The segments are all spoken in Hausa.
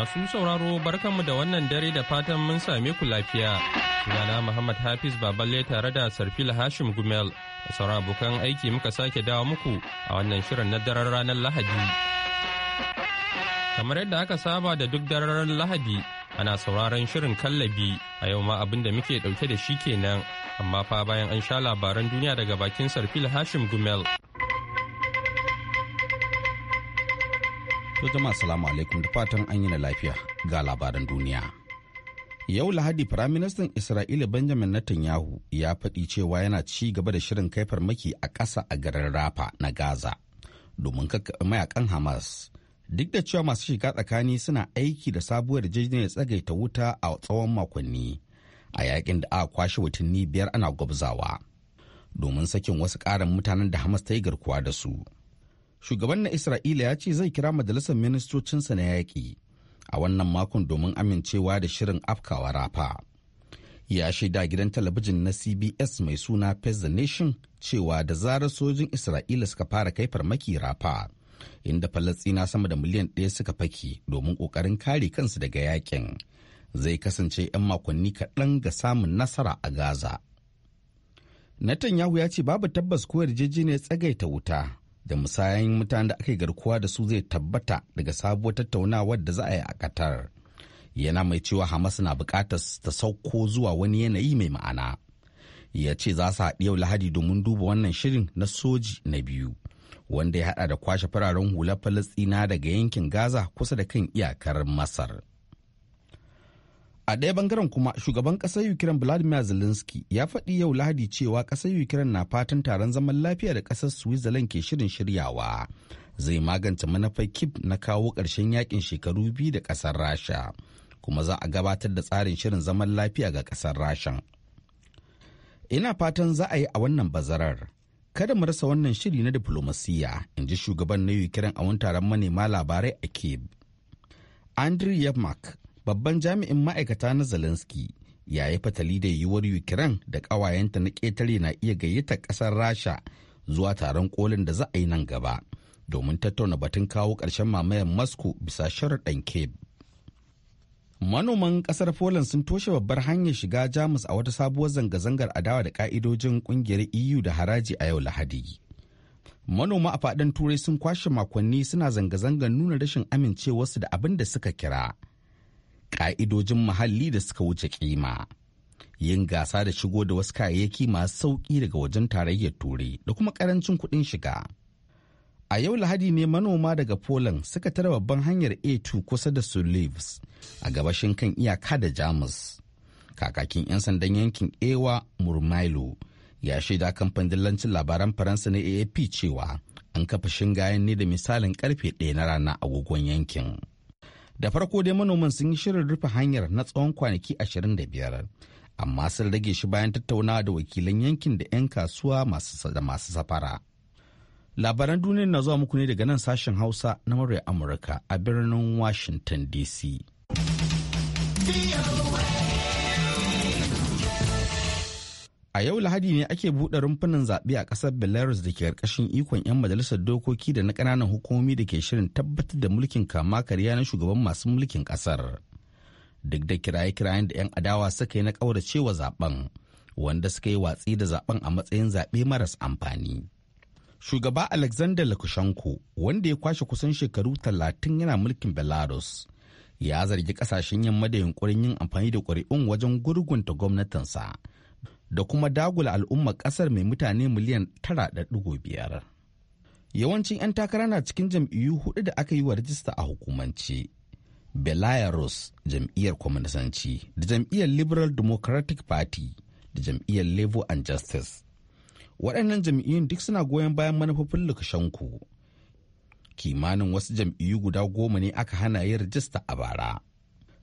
Masu sauraro barkanmu da wannan dare da fatan mun same ku lafiya. Sunana Muhammad Hafiz Baballe tare da Sarfil Hashim Gumel. Da sauran abokan aiki muka sake dawo muku a wannan shirin na daren ranar Lahadi. Kamar yadda aka saba da duk daren Lahadi ana sauraron shirin kallabi a yau ma abin da muke dauke da shi kenan amma fa bayan an sha labaran duniya daga bakin Sarfil Hashim Gumel. To jama'a salamu alaikum da fatan an yi na lafiya ga labaran duniya. Yau Lahadi Firaministan Isra'ila Benjamin Netanyahu ya faɗi cewa yana ci gaba da shirin kai farmaki a ƙasa a garin Rafa na Gaza domin kakkaɓe mayakan Hamas. Duk da cewa masu shiga tsakani suna aiki da sabuwar jirgin tsagaita wuta a tsawon makonni a yakin da aka kwashe watanni biyar ana gwabzawa domin sakin wasu ƙarin mutanen da Hamas ta yi garkuwa da su. shugaban na isra'ila ya ce zai kira majalisar ministocinsa na yaƙi a wannan makon domin amincewa da shirin afkawa rafa ya shaida gidan talabijin na cbs mai suna face the nation cewa da zarar sojin isra'ila suka fara kai farmaki rafa inda falastina sama da miliyan ɗaya suka faki domin ƙoƙarin kare kansu daga yakin zai kasance 'yan makonni kaɗan ga samun nasara a gaza Natanyahu ya ce babu tabbas ko yarjejeniyar tsagaita wuta da musayan mutanen da aka garkuwa da su zai tabbata daga sabuwar tattaunawar da za a yi a Qatar. Yana mai cewa Hamas na buƙatar ta sauko zuwa wani yanayi mai ma'ana. Ya ce za su haɗi yau Lahadi domin duba wannan shirin na soji na biyu. Wanda ya haɗa da kwashe fararen hular Falasɗina daga yankin Gaza kusa da kan iyakar Masar. a ɗaya bangaren kuma shugaban ƙasar ukraine vladimir zelensky ya faɗi yau lahadi cewa ƙasar ukraine na fatan taron zaman lafiya da ƙasar switzerland ke shirin shiryawa zai magance manufar kip na kawo ƙarshen yakin shekaru biyu da ƙasar rasha kuma za a gabatar da tsarin shirin zaman lafiya ga ƙasar rashan ina fatan za a yi a wannan bazarar kada mu rasa wannan shiri na diflomasiyya in ji shugaban na ukraine a wani taron manema labarai a kiev andriy yermak babban jami'in ma'aikata na Zelensky ya yi fatali da yiwuwar Ukraine da ƙawayenta na ƙetare na iya gayyata ƙasar Rasha zuwa taron kolin da za a yi nan gaba domin tattauna batun kawo ƙarshen mamayar Moscow bisa sharaɗin Kiev. Manoman ƙasar Poland sun toshe babbar hanyar shiga Jamus a wata sabuwar zanga-zangar adawa da ƙa'idojin ƙungiyar EU da haraji a yau Lahadi. Manoma a faɗin Turai sun kwashe makonni suna zanga-zangar nuna rashin amincewarsu da abin da suka kira. ƙa'idojin muhalli da suka wuce kima. Yin gasa da shigo da wasu kayayyaki masu sauƙi daga wajen tarayyar turai da kuma ƙarancin kuɗin shiga. A yau Lahadi ne manoma daga Poland suka tara babban hanyar A2 kusa da sulivs a gabashin kan iyaka da Jamus. Kakakin 'yan sandan yankin Ewa Murmailo ya shaida kan fandillancin labaran Faransa na AAP cewa an kafa shingayen ne da misalin karfe ɗaya na rana agogon yankin. da farko dai manoman sun yi shirin rufe hanyar na tsawon kwanaki 25 amma sun rage shi bayan tattaunawa da wakilan yankin da 'yan kasuwa da masu safara labaran duniya na zuwa muku ne daga nan sashen hausa na murya amurka a birnin washington dc A yau Lahadi ne ake buɗe rumfunan zaɓe a ƙasar Belarus da ke ƙarƙashin ikon 'yan majalisar dokoki da na ƙananan hukumomi da ke shirin tabbatar da mulkin kama karya na shugaban masu mulkin ƙasar. Duk da kiraye-kirayen da 'yan adawa suka yi na ƙauracewa zaɓen, wanda suka yi watsi da zaɓen a matsayin zaɓe maras amfani. Shugaba Alexander Lukashenko, wanda ya kwashe kusan shekaru talatin yana mulkin Belarus, ya zargi ƙasashen yamma da yunkurin yin amfani da ƙuri'un wajen gurgunta gwamnatinsa. da kuma dagula al'ummar ƙasar mai mutane miliyan 9.5. Yawancin 'yan takara na cikin jam'iyyu hudu da aka yi wa rajista a hukumance. Belarus jam'iyyar kwaminisanci da jam'iyyar Liberal Democratic Party da jam'iyyar Labour and Justice. Waɗannan jam'iyyun duk suna goyon bayan manufofin Lukashenko. Kimanin wasu jam'iyyu guda goma ne aka hana yin rajista a bara.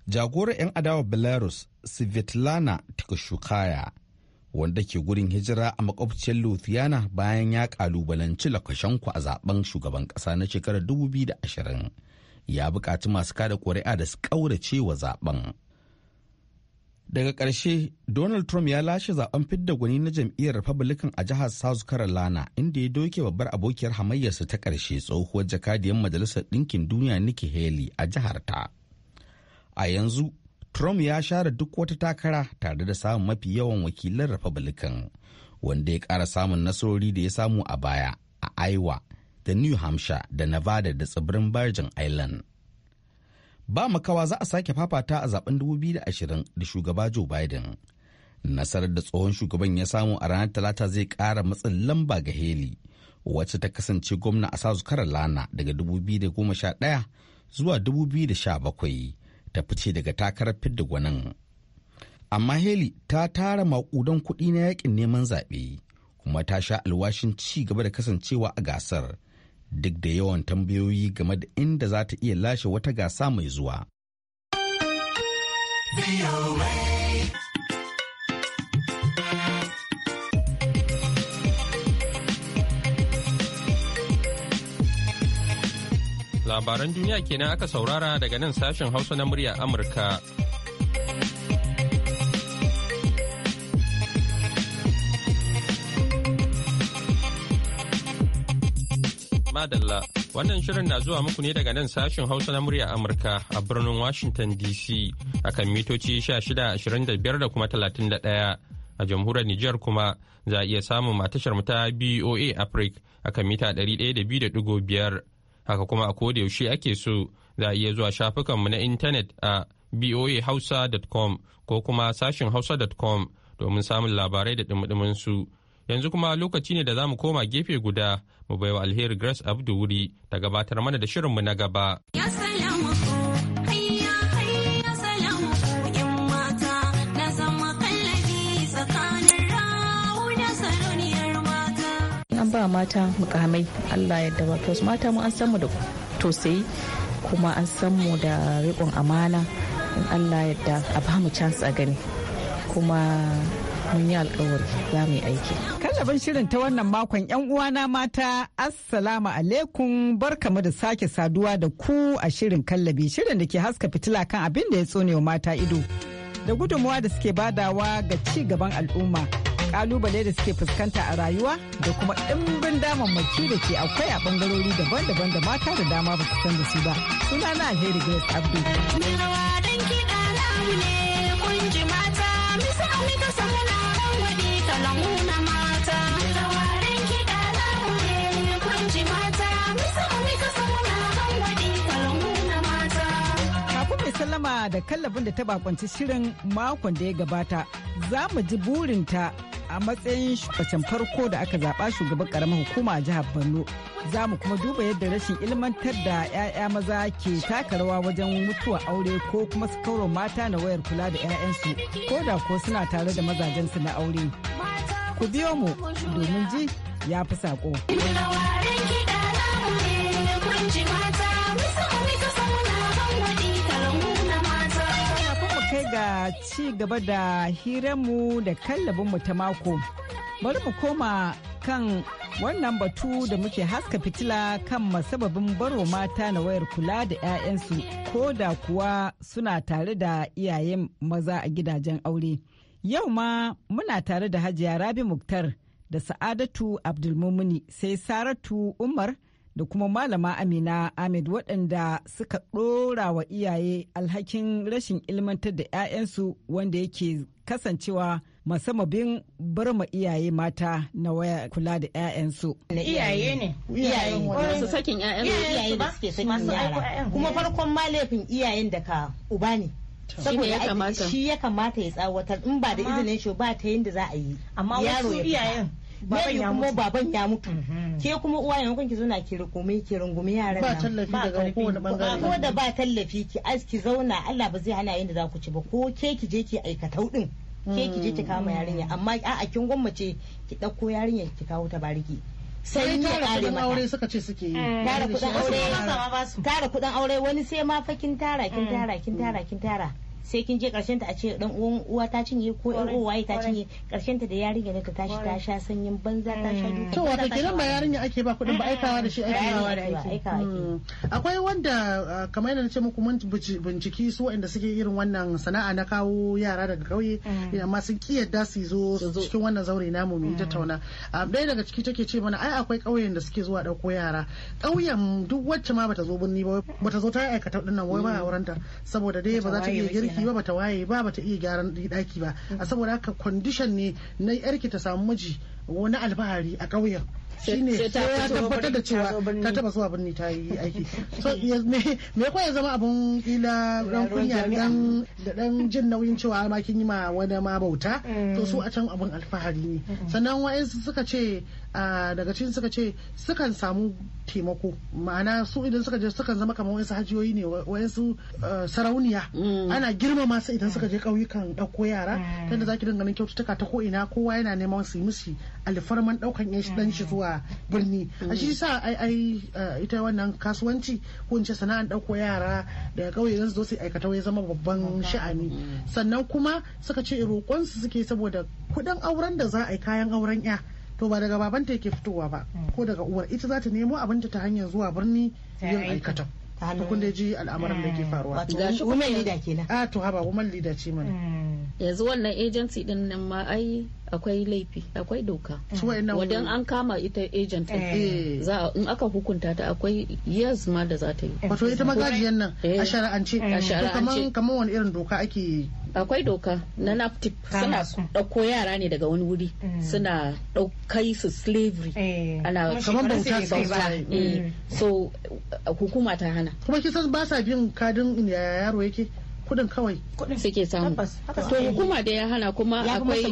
Jagorar 'yan adawa Belarus Svetlana Tikashukaya wanda ke gurin hijira a makwabciyar Lithuania bayan ya kalubalanci Lukashenko a zaben shugaban kasa na shekarar 2020 ya bukaci masu kada kuri'a da su kaurace wa zaben. Daga ƙarshe, Donald Trump ya lashe zaben fidda gwani na jam'iyyar Republican a jihar South Carolina inda ya doke babbar abokiyar hamayyarsa ta ƙarshe tsohuwar jakadiyar Majalisar Ɗinkin Duniya Nikki Haley a jihar ta. A yanzu, Trump ya share duk wata takara tare da samun mafi yawan wakilan Republican, wanda ya ƙara samun nasarori da ya samu a baya a Iowa da New Hampshire da Nevada da tsibirin Virgin Island. Ba makawa za a sake fafata a zaben 2020 da shugaba Joe Biden. Nasarar da tsohon shugaban ya samu a ranar Talata zai ƙara matsin lamba ga Haley, wacce ta kasance gwamna a sa zukarar Lana daga 2011 zuwa 2017. ta fice daga takarar fidda gwanin. Amma heli ta tara maƙudan kuɗi na yakin neman zaɓe kuma ta sha alwashin ci gaba da kasancewa a gasar duk da yawan tambayoyi game da inda za ta iya lashe wata gasa mai zuwa. Labaran duniya kenan aka saurara daga nan sashen Hausa na murya Amurka. Madalla, wannan shirin na zuwa muku ne daga nan sashen Hausa na murya Amurka a birnin Washington DC akan mitoci 1625 da kuma 31 a jamhuriyar Nijar kuma za a iya samun matashar ta BOA Africa akan mita 102.5 haka kuma a koda yaushe ake so za a iya zuwa shafukanmu na intanet a boahausa.com ko kuma sashin hausa.com domin samun labarai da dumudumin su yanzu kuma lokaci ne da za mu koma gefe guda mu baiwa alheri grace abdu wuri ta gabatar mana da shirinmu na gaba. mata mukamai allah yadda ba mata mu an san mu da tosai kuma an san mu da riƙon amana in allah yadda a ba mu chance a gani kuma mun yi alkawari za mu yi aiki. Kallabin shirin ta wannan makon yan uwana mata assalamu alaikum barkamu da sake saduwa da ku a shirin kallabi shirin da ke haska fitila kan abin da ya tsone wa mata ido da gudunmuwa da suke badawa ga ci gaban al'umma. kalubale da suke fuskanta a rayuwa da kuma ɗimbin damammaki da ke akwai a bangarori daban-daban da mata da dama ba su san da su ba. Suna na Alheri Grace Abdul. rawa dan kiɗa ne, mata, misa amika samuna ran sallama da kallabin da ta bakonci shirin makon da ya gabata za mu ji burinta a matsayin shugaban farko da aka zaba shugaban karamar hukuma a jihar borno za mu kuma duba yadda rashin ilmantar da 'ya'ya maza ke taka rawa wajen mutuwa aure ko kuma su mata na wayar kula da 'ya'yansu ko da ko suna tare da mazajensu na aure ku biyo mu domin ji ya fi sako. ga ci gaba da hiranmu da kallabinmu ta mako. Bari mu koma kan wannan batu da muke haska fitila kan masababin baro mata na wayar kula da 'ya'yansu ko da kuwa suna tare da iyayen maza a gidajen aure. Yau ma muna tare da Hajiya Rabi Muktar da Sa'adatu Abdulmumuni sai Saratu Umar da kuma malama amina ahmed waɗanda suka ɗora wa iyaye alhakin rashin ilmantar da 'ya'yansu wanda yake kasancewa masamabin barma iyaye mata na waya kula da 'ya'yansu. iyaye ne iyaye masu sakin 'ya'yansu ba suke sakin yara kuma farkon ma laifin iyayen da ka uba ne saboda shi ya kamata ya tsawatar in ba da izinin shi ba ta yadda za a yi amma wasu iyayen ya mutu. baban ya mutu mhm. ke kuma uwa kun ki zauna ki rungume ki rungume yaran ba tallafi daga kowane bangare ko da ba tallafi ki ki zauna Allah ba zai hana yin da za ku ci ba ko ke ki je ki aikatau din ke ki je ki mm. kama yarinya amma a kin gwammace ki dauko yarinya ki kawo ta bariki sai ya kare mata aure suka ce suke yi eh. tara kudin aure tara kudin aure wani sai ma fakin mm. tara kin tara kin tara kin tara sai kin je karshen ta a ce dan uwan uwa ta cinye ko ɗan uwa ta cinye karshen ta da yarinya ne ta tashi ta sha sanyin banza ta sha duka to wato kenan ba yarinya ake ba kudin ba aikawa da shi ake da hmm. aiki akwai wanda ah, kamar yadda ce muku mun binciki su waɗanda suke irin wannan sana'a na kawo yara daga kauye hmm. eh, amma sun ki yadda su zo cikin wannan zaure namu mu hmm. tattauna ah, ɗaya daga ciki take ce mana ai akwai ƙauyen da suke zuwa ɗauko yara ƙauyen duk wacce ma bata zo binni ba bata zo ta aikata ɗin nan wai ba a wurinta saboda dai ba za ta iya girki jiki ba bata waye ba bata iya gyaran daki ba a saboda haka kwandishan ne na yarki ta samu miji wani alfahari a ƙauyen shine sai tabbatar da cewa ta taba zuwa birni ta yi aiki so me ko ya zama abun kila ran kunya dan da dan jin nauyin cewa ma kin yi ma wani ma bauta to su mm. a can abun alfahari ne sannan wa'ansu suka ce daga cikin suka ce sukan samu taimako ma'ana su idan suka je sukan zama kamar wasu hajiyoyi ne wasu sarauniya mm. ana girmama su idan suka je ƙauyukan ɗauko yara mm. tunda zaki dinga ganin kyaututtuka ta ko ina kowa yana neman su yi musu alfarman ɗaukan yan shi zuwa zuwa birni a shi sa ai eh, ita wannan kasuwanci ko in ce sana'an ɗauko yara daga kauye zan zo su aikata ya zama babban sha'ani mm. sannan kuma suka ce roƙon su suke saboda kuɗin auren da za a yi kayan auren ya to ba daga babanta yake fitowa ba mm. ko daga uwar ita za ta nemo abinta ta hanyar zuwa birni yin aikata kun da ji al'amuran da ke eh, faruwa wato woman leader kenan a ah, to haba woman leader ce mana mm. yanzu wannan agency din nan ma ai akwai laifi akwai doka wadan an kama ita agent eh. za in aka hukunta ta akwai years ma da za ta yi wato ita magajiyan nan a eh. shara'ance a shara'ance kamar wani irin doka ake akwai doka na naptip suna dauko yara ne daga wani wuri mm. suna daukai su slavery eh. ana kamar bauta mm. so hukuma ta hana kuma kisan ba sa bin kadin yaro yake kudin kawai kudin suke samu to hukuma da ya hana kuma akwai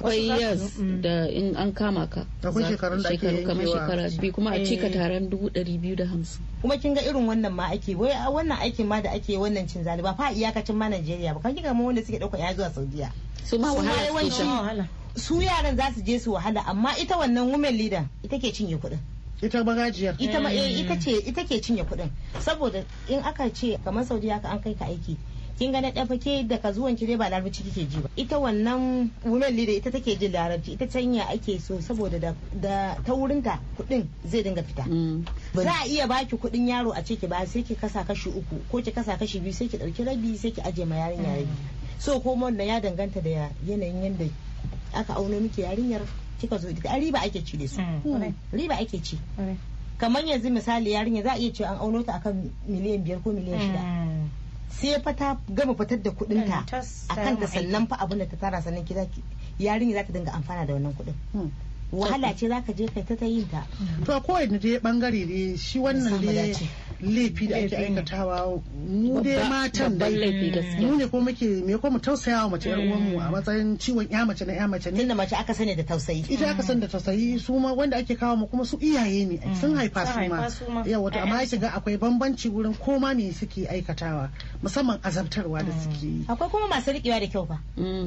kwai yes mm. da in an kama ka akwai shekarun da ake shekaru kamar shekara bi kuma a eh. cika taron dubu dari biyu da hamsin kuma kin ga irin wannan ma ake wai wannan aikin ma da ake wannan cin zali ba fa iyakacin ma Najeriya ba kan kika mu wanda suke dauka ya zuwa Saudiya su ma wahala su yaran za su je su wahala amma ita wannan women leader ita ke cinye kuɗin ita bagajiyar ita ma eh, eh. ita ce ita ke cinye kuɗin saboda in aka ce kamar Saudiya ka an kai ka aiki kin ga na dafa ke daga zuwan ki dai ba larabci kike ji ba ita wannan women leader ita take jin larabci ita canya ake so saboda da ta wurinta kuɗin zai dinga fita mm. za a iya baki kuɗin yaro a ciki ba sai ki kasa kashi uku ko ki kasa kashi biyu sai ki dauki rabi sai ki aje ma yarinya rabi mm. so ko wannan ya danganta da yanayin yadda aka auno miki yarinyar kika zo ita riba ake ci da su mm. riba ake ci kamar yanzu misali yarinya za a iya cewa an auno ta akan miliyan biyar ko miliyan shida sai fa ta gama fitar da kudinta hmm, a kan ta sannan fa abun da ta tara sannan ki zaki yarinya za ta dinga amfana da wannan kudin hmm. wahala ce za ka je kai ta ta yin ta hmm. to ko da dai bangare ne shi wannan dai laifi da ake aikatawa mu dai matan da mu ne ko muke me ko mu tausaya wa mace yar uwan mu a mm. matsayin ciwon ya mace na ya mace ne tunda mace aka sani da tausayi ita aka sani da tausayi su ma wanda ake kawo mu kuma su iyaye ne mm. sun haifa su ma yawa to amma shiga akwai bambanci wurin koma me suke aikatawa musamman azabtarwa da mm. suke yi akwai kuma masu rikewa da kyau ba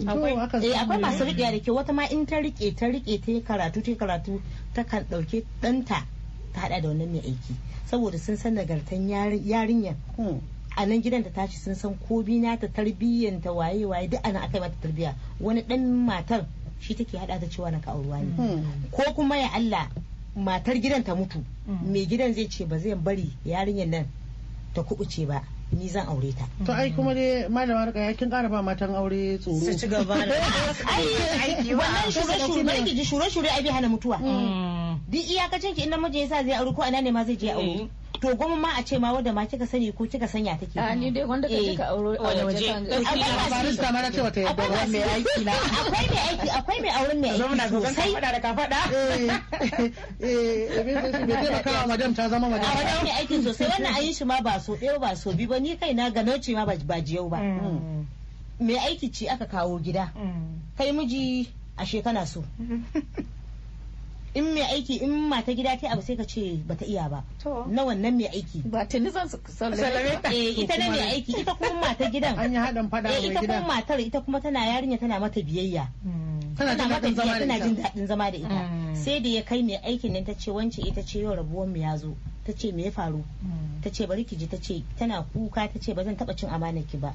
akwai eh, masu rikewa da kyau wata ma in ta rike ta rike ta karatu ta karatu ta kan dauke danta ta hada da wannan mai aiki saboda sun san nagartan yarinyar hmm. a nan gidan ta tashi sun san ko bina ta tarbiyyar ta waye waye duk ana aka mata tarbiyya wani dan matar shi take hada ta cewa na ka ruwa ne hmm. ko kuma ya Allah matar gidan ta mutu hmm. mai gidan zai ce ba zai bari yarinyar nan ta kubuce ba ni zan aure ta. To ai kuma dai malama rika kin kara ba matan aure tsoro. Su ci gaba da aiki wannan shure shure ji shure shure ai bai hana mutuwa. duk iyakacin ki inda namiji yasa zai aure ko ina ne ma zai je aure eh. to goma ma a ce ma wanda ma kika sani ko kika sanya take a ah, ni dai wanda kaje ka eh. aure a waje kan gaskiya barista ma na ce ta yadda ruwan mai aiki na akwai mai aiki akwai mai auren mai aiki na gogon ka fada da ka fada eh eh bai taimaka wa madam ta zama madam a wajen mai aiki sosai wannan ayin shi ma ba so ɗaya ba so bi ba ni kai na gano ce ma ba jiyau ba mm. Mm. mai aiki ci aka kawo gida mm. kai miji a shekana so in mai aiki in mata gida ta abu sai ka ce bata iya ba na wannan mai aiki ba ta zan sallame ta eh, ita ne mai aiki ita kuma mata gidan an yi hadin fada eh, mai gidan ita kuma matar ita kuma tana yarinya tana mata biyayya hmm. tana jin daɗin zama da ita tana jin zama da ita sai da ya kai mai aikin nan ta ce wance ita ce yau rabuwan mu ya zo ta ce me ya faru hmm. ta ce bari ki ji ta ce tana kuka ta ce ba zan taɓa cin amanar ki ba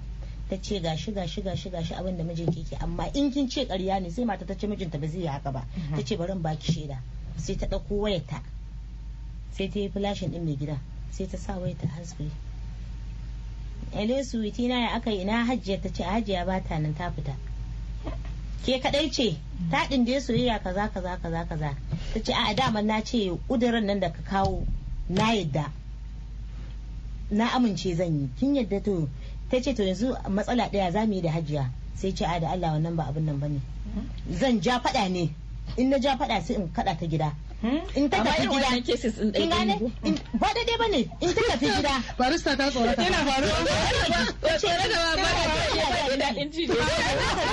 ta ce ga ga shi ga shi ga shi abin da mijin ke amma in kin ce ƙarya ne sai mata ta ce mijinta ba zai yi haka ba mhm. ta ce bari in baki shaida sai ta ɗauko wayarta sai ta yi flashin ɗin mai gida sai ta sa wayarta hasbi ele suwiti na ya aka ina hajjiya ta ce hajjiya ba ta nan ta fita ke kadai ce mhm. ta dinde soyayya kaza kaza kaza kaza ta ce a daman na ce kudirin nan da ka kawo na yadda na amince zan yi kin yadda to ta ce to yanzu matsala ɗaya za mu yi da hajiya sai ce a da Allah wannan ba abin nan bane zan ja faɗa ne in na ja faɗa sai in kaɗa ta gida hmm? in ta tafi gida kin gane ba daidai bane in ta tafi gida barista ta tsorata yana faruwa tsorata ba ba da in ci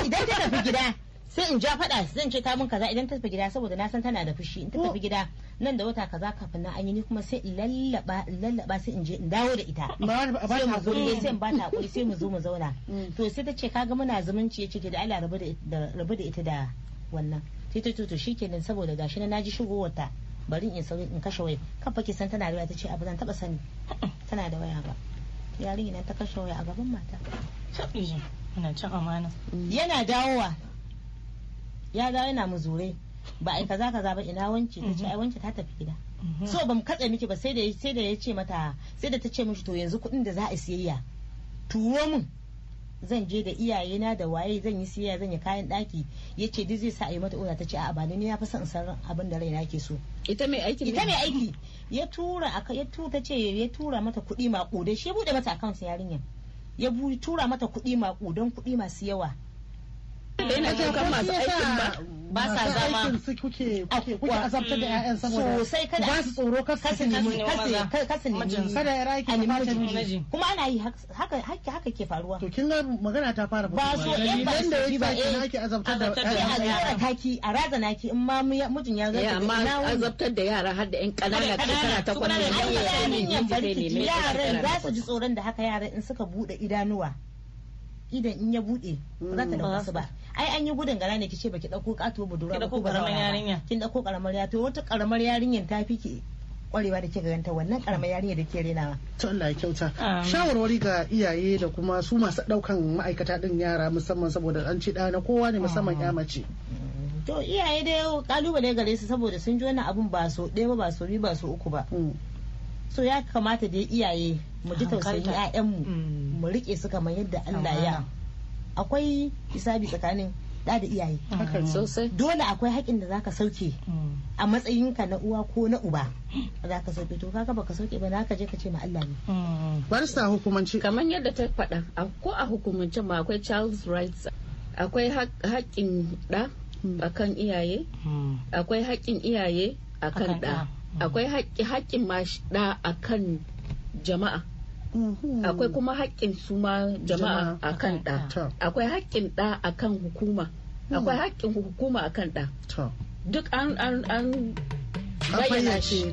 idan ta tafi gida sai in ja faɗa zan ce ta mun kaza idan ta tafi gida saboda na san tana da fushi in ta oh. tafi gida nan da wata kaza kafin na anyi ni kuma sai in lallaba in lallaba sai in je in dawo da ita sai mu guri sai in ba ta hakuri sai mu zo mu zauna mm. to sai ta ce kaga muna zumunci yace ke da Allah rabu da rabu da ita da wannan sai ta to shikenan saboda gashi na naji shigowar ta bari in sauri in kashe waya Kan ki san tana da waya tace abu zan taba sani tana da waya ba yarinya ta kashe waya a gaban mata Ina yana dawowa ya ga yana muzure ba ai kaza kaza ba ina wance ta ce mhm. ai wance ta tafi gida mhm. so bamu katse miki ba sai da sai da ya ce mata sai da ta ce mishi to yanzu kuɗin da za a siyayya tuwo mun zan je da iyayena da waye zan yi siyayya zan yi kayan daki ya ce duk zai sa a yi mata ona ta ce a'a ba ni ya fi san san abin da raina ke so ita mai aiki ita mai aiki ya tura aka ya tura ta ce ya tura mata kuɗi maƙudai shi ya bude mata account yarinya ya tura mata kuɗi maƙudan kuɗi masu yawa yana jin kan masu aikin ba ba sa zama kuke kuke da ƴaƴan saboda kada ba su tsoro nemi nemi kada ya a nemi kuma ana yi haka haka ke faruwa to kin ga magana ta fara ba so eh, da yake ba kin eh, ake da a razana ki in ma mijin ya zai eh, amma azabtar da yara har da ƴan kanana shekara ta kwana da yaran za su ji tsoron da haka yaran in suka bude idanuwa idan in ya bude ba za ta hmm. ba ai an yi gudun gara ne kice baki dauko kato budurwa ba ko karamar yarinya kin dauko karamar yarinya to wata karamar yarinyar ta fi kwarewa da ke ganta wannan karamar yarinya da ke renawa. To Allah ya kyauta. Shawarwari ga iyaye da kuma su masu daukan ma'aikata din yara musamman saboda an ci na kowa ne musamman ya mace. Mm. To iyaye da yau kalubale gare su saboda sun ji wannan abun ba so ɗaya ba ba so biyu ba so uku ba. Mm. So ya kamata da iyaye mu ji tausayin 'ya'yanmu mm. mu riƙe su kamar yadda Allah ya akwai hisabi tsakanin da da iyaye mm. dole akwai haƙin da zaka sauke mm. a matsayinka na uwa ko na uba za ka sauke to kaga baka sauke ba na ka je ka ce ma Allah ne mm. barista hukumanci kamar yadda ta faɗa ko a hukumance ma akwai child's rights akwai haƙin ɗa akan iyaye akwai haƙin iyaye akan ɗa akwai haƙin ma ɗa akan jama'a Mm-hmm. akwai kuma haƙƙin suma ma jama'a akan ɗa akwai haƙƙin ɗa akan hukuma hmm. akwai haƙƙin hukuma akan ɗa duk an bayyana shi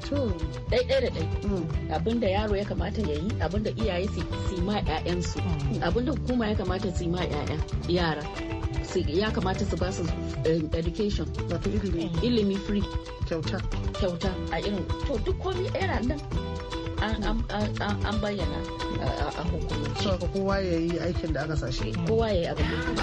ɗaiɗai da ɗai hmm. abinda yaro ya kamata ya yi abinda iyaye su ma 'ya'yansu hmm. abinda hukuma ya kamata su ma 'ya'ya yara ya kamata su ba su eh, education ilimi free kyauta kyauta a irin to duk komi ɗaya nan an bayyana uh, a hukumance. Kowa ya yi aikin da aka sashe. Kowa ya yi abin da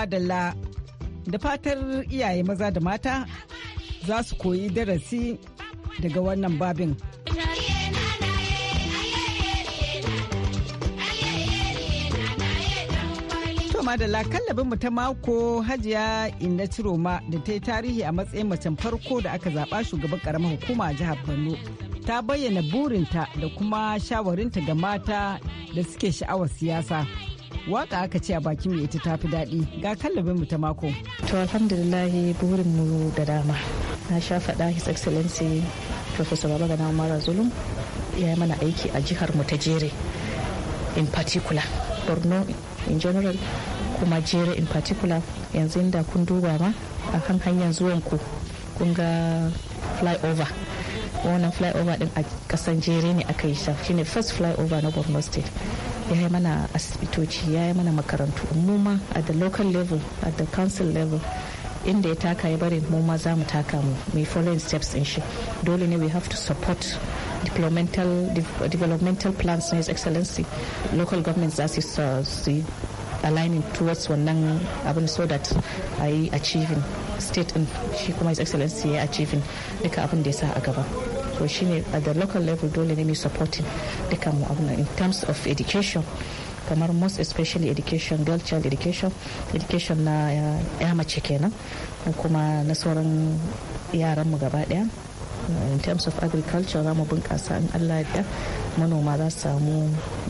madalla da fatar iyaye maza da mata za su koyi darasi daga wannan babin. madalla mu ta mako hajiya inna ciroma da ta yi tarihi a matsayin macen farko da aka zaba shugaban karamar hukuma a jihar borno ta bayyana burinta da kuma shawarinta ga mata da suke sha'awar siyasa waka aka ce a bakin mai ita tafi daɗi ga kallabin mu ta mako. To alhamdulillah burin mu da dama. Na sha faɗa His Excellency Professor Babagana Umar Zulum ya yi mana aiki a jihar mu ta Jere in particular Borno in general kuma Jere in particular yanzu inda kun duba ma a kan hanyar zuwan ku kun ga flyover wannan flyover din a kasan jere ne aka yi shi ne first flyover na borno state ya yi mana asibitoci ya yi mana makarantu mu ma at the local level at the council level inda ya taka ya bari mu ma za mu taka mu mai following steps in shi dole ne we have to support developmental developmental plans na his excellency local governments za su aligning towards wannan abin so that a yi achieving state in shi kuma his excellency ya achieving duka abin da ya sa a gaba to shine at the local level dole ne mai supporting duka mu abu in terms of education kamar most especially education girl child education education na eh, ya mace kenan kuma na sauran yaran mu gaba daya in terms of agriculture za mu bunƙasa in allah yadda manoma za su samu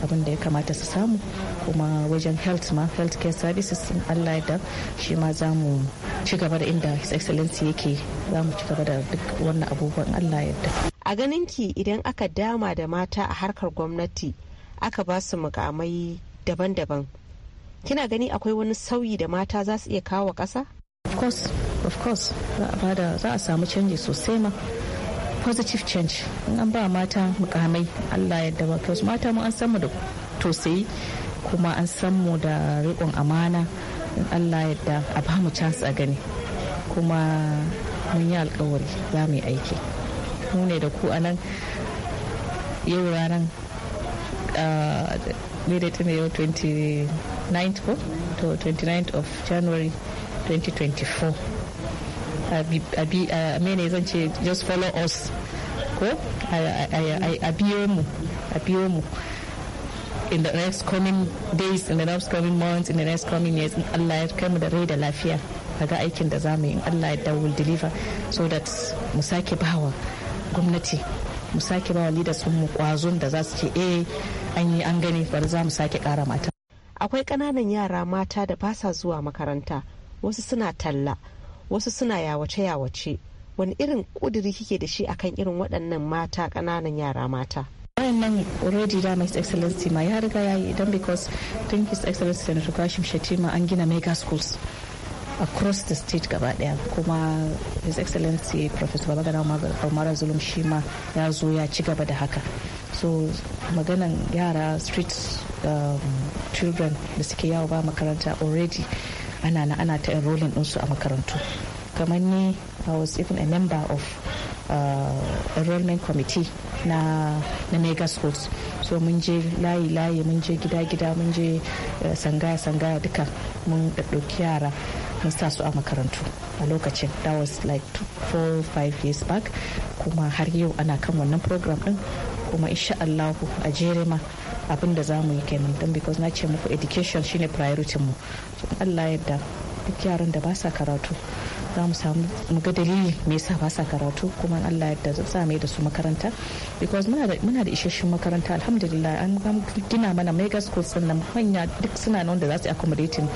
abin da ya kamata su samu kuma wajen health ma health care services in allah da shi ma za mu ci gaba da inda his excellency yake za mu ci gaba da duk wannan abubuwan allah yadda a ganin ki idan aka dama da mata a harkar gwamnati aka ba su mukamai daban-daban kina gani akwai wani sauyi da mata za su iya kawo ƙasa? of course of course za a samu canji sosai ma positive change in an ba mata mukamai allah yadda ba mata mu an samu da tosai kuma an san mu da riƙon amana in allah yadda a ba mu chance a gani kuma mun yi alkawari za mu yi aiki mu ne da ku a nan yau ranar ah, daidaita ne yau 29th of january 2024 mene zan ce just follow us ko a biyo mu in the next coming days in the next coming months in the next coming years in Allah ya kai mu da rai da lafiya daga aikin da zamu yi Allah ya da will deliver so that mu sake bawa gwamnati mu sake bawa leaders mu kwazon da za su ce eh an yi an gani bari za mu sake kara mata akwai kananan yara mata da ba sa zuwa makaranta wasu suna talla wasu suna yawace-yawace wani irin kudiri kike da shi akan irin waɗannan mata kananan yara mata nan already da his excellency ma ya riga ya yi don because tun his excellency senator kashim shatima an gina mega schools across the state gaba daya kuma his excellency professor babagana umar zulum shi ma ya zo ya ci gaba da haka so maganan yara street um, children da suke yawo ba makaranta already ana na ana ta enrolling ɗinsu a makarantu kamar ni i was even a member of uh, enrollment committee na na mega schools so mun je layi layi mun je gida gida mun je eh, sangaya sangaya duka mun ɗauki yara mun sa su a makarantu a lokacin that was like two, four five years back kuma har yau ana kan wannan program din kuma insha Allahu a jere ma abin da za mu yi kenan don because na ce muku education shine priority mu Allah yadda duk yaran da ba sa karatu za mu samu mu ga dalili me yasa ba sa karatu kuma Allah ya yarda za mu da su makaranta because muna da muna da isasshen makaranta alhamdulillah an gina mana mega school sun nan manya duk suna nan da za su accommodating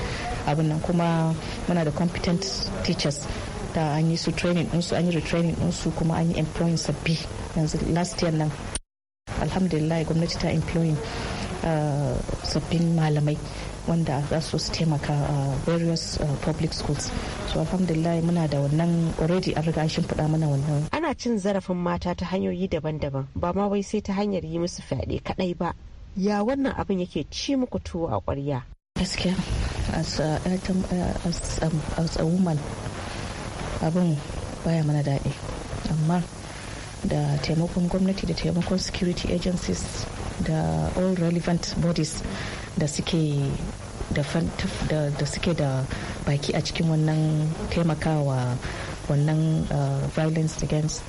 abin nan kuma muna da competent teachers da an yi su training su an yi retraining su kuma an yi employing sabbi yanzu last year nan alhamdulillah gwamnati ta employing ah, sabbin malamai wanda za su su taimaka a uh, various uh, public schools so alhamdulillah muna da wannan already an riga shin faɗa mana wannan ana cin zarafin mata ta hanyoyi daban-daban ba ma wai sai ta hanyar yi musu fyaɗe kaɗai ba ya wannan abin yake ci muku tuwo a ƙwarya gaskiya as a, eh, eh, um, as a woman abin baya mana daɗi amma da taimakon gwamnati da taimakon security agencies da all relevant bodies da suke da suke da baki a cikin wannan taimakawa wannan uh, violence against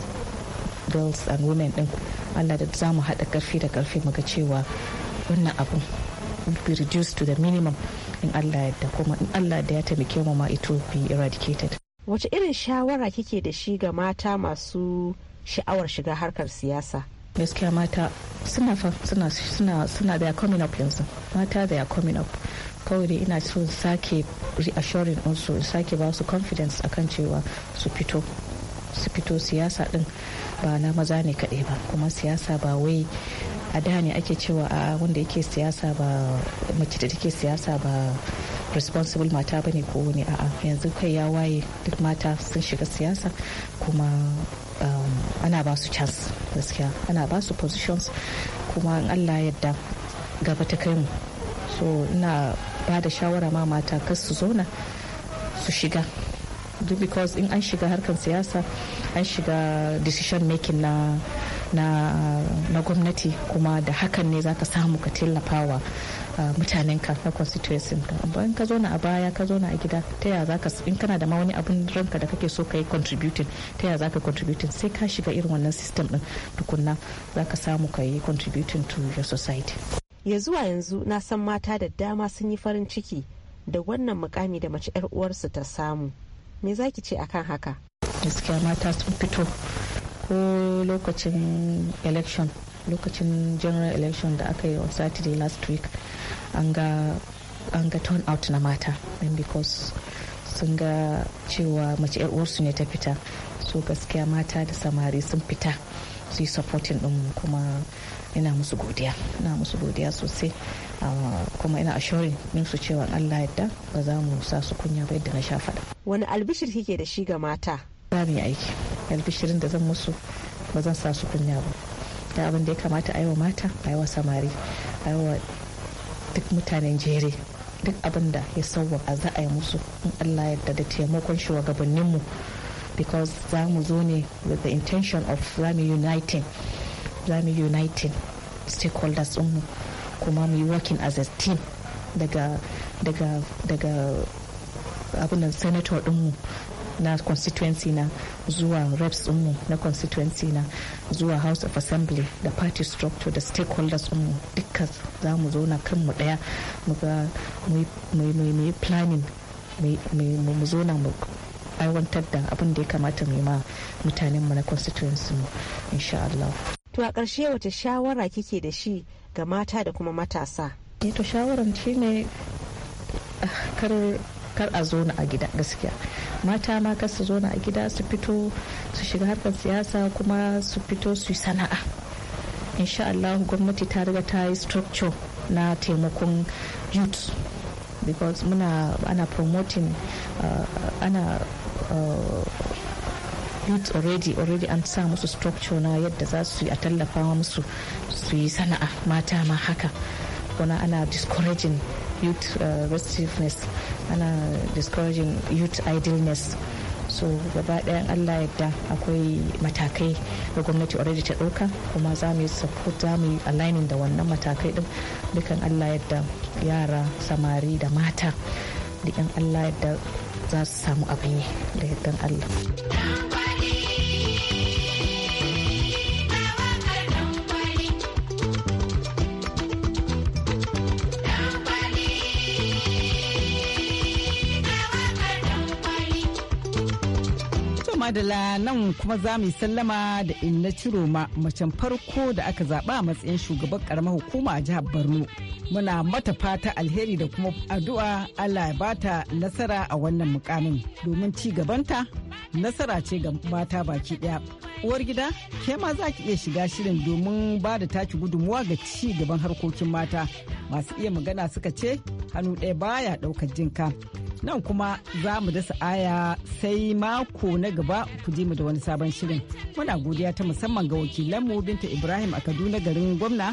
girls and women din allah da za mu haɗa ƙarfi da ƙarfi muga cewa wannan abun be reduced to the minimum in allah da kuma in allah da ya taimake mu ma it will be eradicated wace irin shawara kike da shi ga mata masu sha'awar shiga harkar siyasa gaskiya mata suna suna suna suna da coming up yanzu mata da coming up kawai dai ina so sake reassuring su sake ba su confidence akan cewa su fito su fito siyasa din ba na maza ne kaɗai ba kuma siyasa ba wai a da ne ake cewa a wanda yake siyasa ba mace da take siyasa ba responsible mata bane ko wani a'a yanzu kai ya waye duk mata sun shiga siyasa kuma um, ana ba su chance gaskiya ana ba su positions kuma in allah yadda gaba ta kai mu so ina ba da shawara ma mata kar su zauna su shiga duk because in an shiga harkan siyasa an shiga decision making na na, na gwamnati kuma da hakan ne za ka samu ka tallafawa Uh, ah, mutanen ka na constituency ka amma in ka zauna a baya ka zauna a gida ta yaya zaka in kana da ma wani abun ranka da kake so kai contributing ta yaya zaka contributing sai ka shiga irin wannan system din tukunna zaka samu ka yi contributing to your society ya zuwa yanzu na san mata da dama sun yi farin ciki da wannan mukami da mace 'yar uwarsu ta samu me zaki ce akan haka gaskiya mata sun fito ko lokacin election lokacin general election da aka yi on saturday last week an ga turn out na mata then because sun ga cewa mace uwarsu ne ta fita so gaskiya mata da samari sun fita su yi supporting din kuma ina musu godiya ina musu godiya sosai ah, kuma ina assuring min su cewa allah yadda ba za mu sa su kunya ba yadda na sha faɗa wani albishir kike da shi ga mata za mu aiki shirin da zan musu ba zan sa su kunya ba da abin da ya kamata a yi wa mata a yi wa samari a yi wa duk mutanen jere duk abin da ya sauwa a za a yi musu in allah yadda da taimakon shugabanninmu because za mu zo ne with the intention of zamu uniting rami uniting stakeholders mu kuma mu yi working as a team daga daga daga senator dinmu na constituency na zuwa reps mu na constituency na zuwa house of assembly da party structure da stakeholders mu duka za mu zauna kanmu daya mu ga mu yi planning mu zauna mu aiwantar da abin da ya kamata mu yi ma mutanenmu na constituency mu insha Allah. To a ƙarshe wata shawara kike da shi ga mata da kuma matasa? Eh, to shawaran shine kar kar a zo a gida gaskiya mata ma kar su zona a gida su fito su shiga harkar siyasa kuma su fito su sana'a insha Allah gwamnati ta riga ta yi structure na taimakon youth because muna ana promoting uh, ana uh, youth already already an sa musu structure na yadda za su yi a tallafa musu su yi sana'a mata ma haka kuna ana discouraging youth uh, restiveness ana discouraging youth idleness so gaba ɗayan allah yadda akwai matakai da gwamnati already ta ɗauka kuma za mu yi support za mu yi aligning da wannan matakai ɗin dukan allah yadda yara samari da mata da yan allah yadda za su samu abin yi da yadda allah madala nan kuma za mu yi sallama da inna ciroma macen farko da aka zaba a matsayin shugaban karamar hukuma a jihar borno muna mata fata alheri da kuma addu'a allah ya bata nasara a wannan mukamin domin ci gabanta nasara ce ga mata baki daya uwar gida ke ma za ki iya shiga shirin domin ba da taki gudunmuwa ga ci gaban harkokin mata masu iya magana suka ce hannu ɗaya baya ɗaukar jinka nan kuma za mu dasa aya sai mako na gaba ku je mu da wani sabon shirin muna godiya ta musamman ga wakilanmu binta ibrahim a kaduna garin gwamna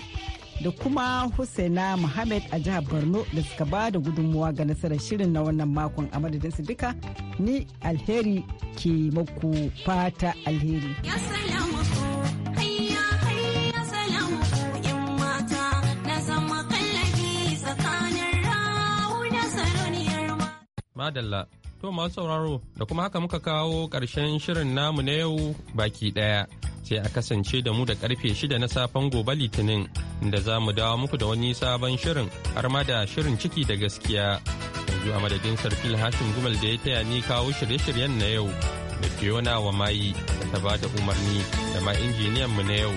da kuma husaina muhammad a jihar borno da suka ba da gudunmuwa ga nasarar shirin na wannan makon a madadin su duka ni alheri ke maku fata alheri Madalla. To masu sauraro da kuma haka muka kawo ƙarshen shirin namu na yau baki ɗaya. Sai a kasance da mu da karfe shida na safen gobe litinin inda za mu dawo muku da wani sabon shirin har ma da shirin ciki da gaskiya. Yanzu a madadin Sarfil Hashim Gumal da ya taya ni kawo shirye-shiryen na yau da Fiona wa mayi da ta da umarni da ma injiniyan mu na yau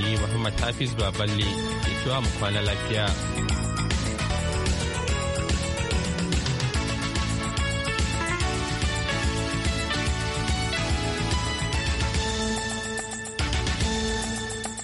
ni Muhammad Hafiz Baballe ke cewa mu kwana lafiya.